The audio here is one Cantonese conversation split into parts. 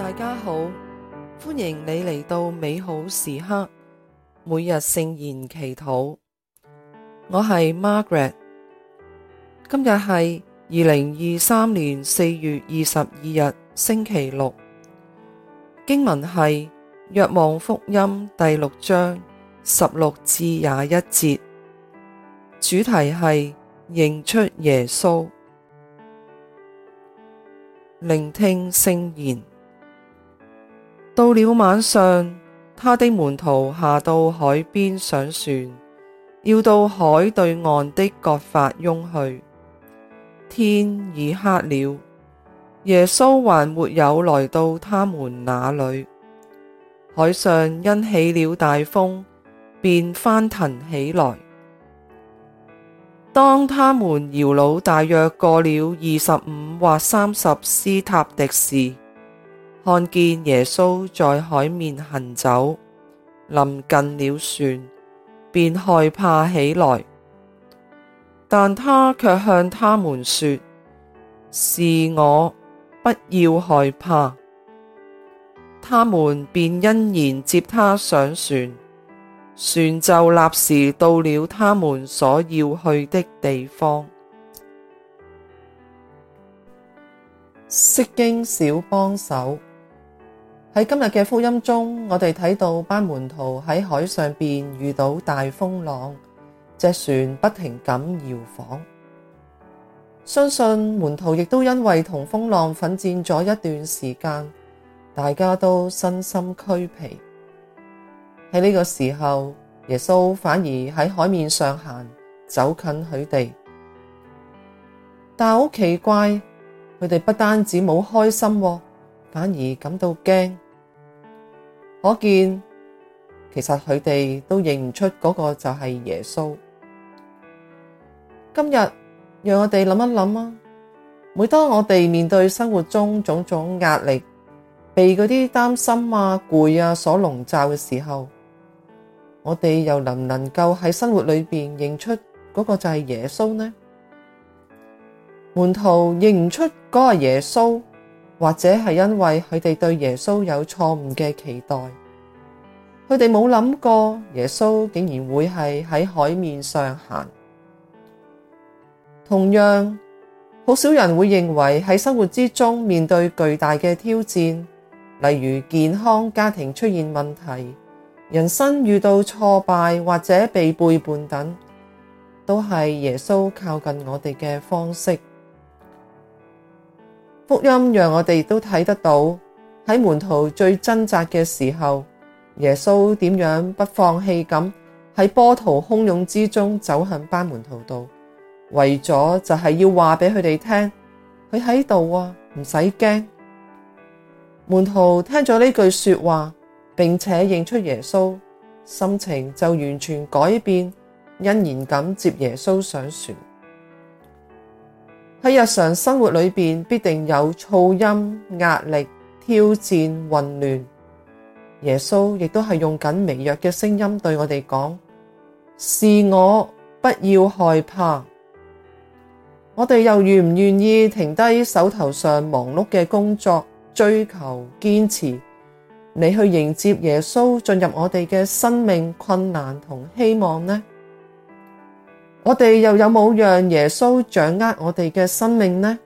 大家好，歡迎你嚟到美好時刻，每日聖言祈禱。我係 Margaret，今日係二零二三年四月二十二日星期六。經文係《若望福音》第六章十六至廿一節，主題係認出耶穌，聆聽聖言。到了晚上，他的門徒下到海邊上船，要到海對岸的葛法翁去。天已黑了，耶穌還沒有來到他們那裡。海上因起了大風，便翻騰起來。當他們搖櫓，大約過了二十五或三十斯塔狄時，看見耶穌在海面行走，臨近了船，便害怕起來。但他却向他們說：是我，不要害怕。他們便欣然接他上船，船就立時到了他們所要去的地方。釋經小幫手。喺今日嘅福音中，我哋睇到班門徒喺海上邊遇到大風浪，隻船不停咁搖晃。相信門徒亦都因為同風浪奮戰咗一段時間，大家都身心俱疲。喺呢個時候，耶穌反而喺海面上行，走近佢哋。但好奇怪，佢哋不單止冇開心，哦。反而感到驚，可見其實佢哋都認唔出嗰個就係耶穌。今日讓我哋諗一諗啊！每當我哋面對生活中種種壓力、被嗰啲擔心啊、攰啊所籠罩嘅時候，我哋又能唔能夠喺生活裏邊認出嗰個就係耶穌呢？門徒認唔出嗰個耶穌。或者係因為佢哋對耶穌有錯誤嘅期待，佢哋冇諗過耶穌竟然會係喺海面上行。同樣，好少人會認為喺生活之中面對巨大嘅挑戰，例如健康、家庭出現問題、人生遇到挫敗或者被背叛等，都係耶穌靠近我哋嘅方式。福音讓我哋都睇得到，喺門徒最掙扎嘅時候，耶穌點樣不放棄咁喺波濤洶湧之中走向班門徒度，為咗就係要話俾佢哋聽，佢喺度啊，唔使驚。門徒聽咗呢句說話，並且認出耶穌，心情就完全改變，欣然咁接耶穌上船。喺日常生活裏邊，必定有噪音、壓力、挑戰、混亂。耶穌亦都係用緊微弱嘅聲音對我哋講：「是我，不要害怕。」我哋又願唔願意停低手頭上忙碌嘅工作，追求堅持，你去迎接耶穌進入我哋嘅生命困難同希望呢？我哋又有冇讓耶穌掌握我哋嘅生命呢？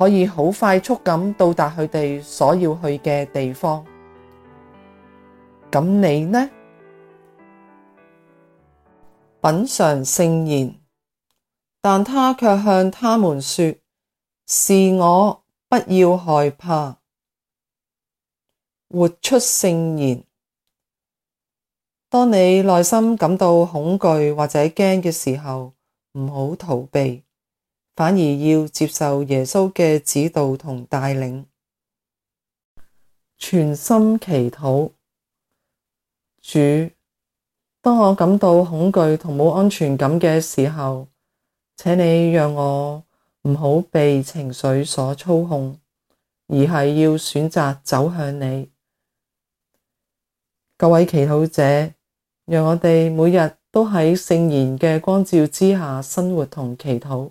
可以好快速咁到達佢哋所要去嘅地方。咁你呢？品嚐聖言，但他卻向他們說：是我，不要害怕。活出聖言。當你內心感到恐懼或者驚嘅時候，唔好逃避。反而要接受耶穌嘅指導同帶領，全心祈禱。主，當我感到恐懼同冇安全感嘅時候，請你讓我唔好被情緒所操控，而係要選擇走向你。各位祈禱者，讓我哋每日都喺聖言嘅光照之下生活同祈禱。